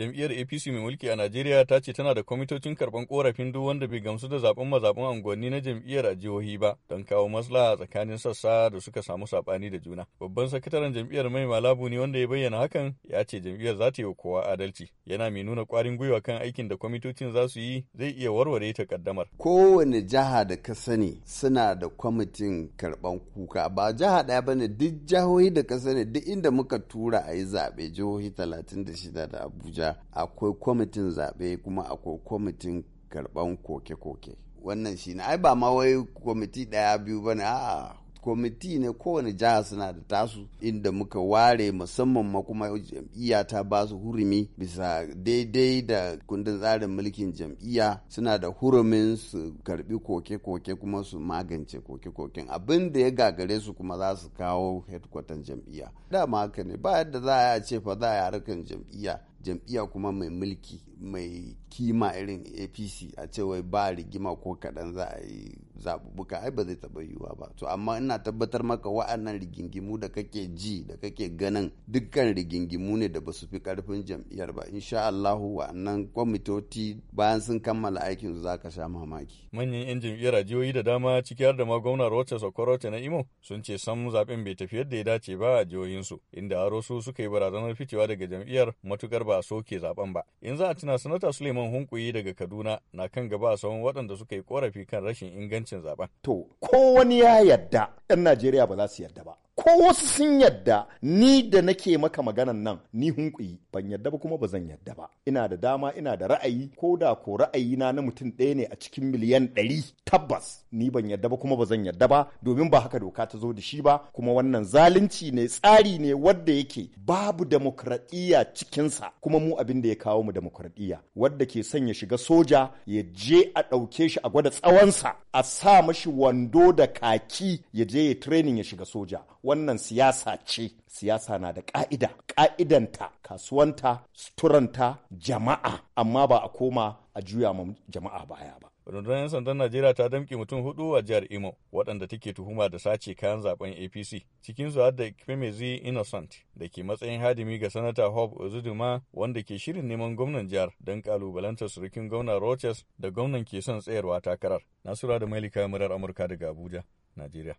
Jam'iyyar APC mai mulki a Najeriya ta ce tana da kwamitocin karban korafin duk wanda bai gamsu da zaben mazaɓen unguwanni na jam'iyyar a jihohi ba don kawo maslaha tsakanin sassa da suka samu saɓani da juna. Babban sakataren jam'iyyar mai malabu ne wanda ya bayyana hakan ya ce jam'iyyar za ta yi wa kowa adalci. Yana mai nuna kwarin gwiwa kan aikin da kwamitocin za su yi zai iya warware ta kaddamar. Kowane jiha da ka sani suna da kwamitin karɓan kuka ba jiha ɗaya ba ne duk jihohi da ka sani duk inda muka tura a yi zaɓe jihohi talatin da shida da Abuja akwai kwamitin zaɓe kuma akwai kwamitin karɓan koke-koke wannan shi ai ba ma wai kwamiti ɗaya biyu ba ne a kwamiti ne kowane jiha suna da tasu inda muka ware musamman ma kuma jam'iyya ta ba su hurumi bisa daidai da kundin tsarin mulkin jam'iyya suna da hurumin su karbi koke-koke kuma su magance koke-koken abin da ya gagare su kuma za su kawo hedkwatan jam'iyya dama haka ne ba yadda za a ce fa za a yi harkar jam'iyya jam'iyya kuma mai mulki mai kima irin apc a cewa ba rigima ko kaɗan za a yi zaɓuɓɓuka ai ba zai taɓa yiwuwa ba to amma ina tabbatar maka wa'annan rigingimu da kake ji da kake ganin dukkan rigingimu ne da ba su fi ƙarfin jam'iyyar ba insha Allahu wa'annan kwamitoti bayan sun kammala aikin za ka sha mamaki. Manyan 'yan jam'iyyar jihohi da dama ciki har da ma gwamna Rocha Sokorote na Imo sun ce sam zaɓen bai tafi yadda ya dace ba a jihohinsu inda aro su suka yi barazanar ficewa daga jam'iyyar matukar ba a soke zaben ba. In za a cina sanata Suleiman Hunkuyi daga Kaduna na kan gaba a sahun waɗanda suka yi korafi kan rashin inganci hukuncin zaben to ko wani ya yadda 'yan najeriya ba za su yadda ba ko wasu sun yadda ni da nake maka maganan nan ni hunkuyi ban yadda ba kuma ba zan yadda ba ina da dama ina da ra'ayi ko da ko ra'ayi na na mutum ɗaya ne a cikin miliyan ɗari tabbas ni ban yadda ba kuma ba zan yadda ba domin ba haka doka ta zo da shi ba kuma wannan zalunci ne tsari ne wadda yake babu demokradiyya cikinsa kuma mu abin da ya kawo mu demokradiyya wadda ke son ya shiga soja ya je a ɗauke shi a gwada tsawonsa a sa mashi wando da kaki ya je ya training ya shiga soja wannan siyasa ce siyasa na da ka'ida ka'idanta kasuwanta suturanta jama'a amma ba a koma a juya ma jama'a baya ba rundunar 'yan sandan najeriya ta damƙe mutum hudu a jihar imo waɗanda take tuhuma da sace kayan zaben apc cikin su da kimezi innocent da ke matsayin hadimi ga sanata hope ozuduma wanda ke shirin neman gwamnan jihar don kalubalantar surukin gwamnan rochers da gwamnan ke son tsayarwa takarar nasura da mailika murar amurka daga abuja najeriya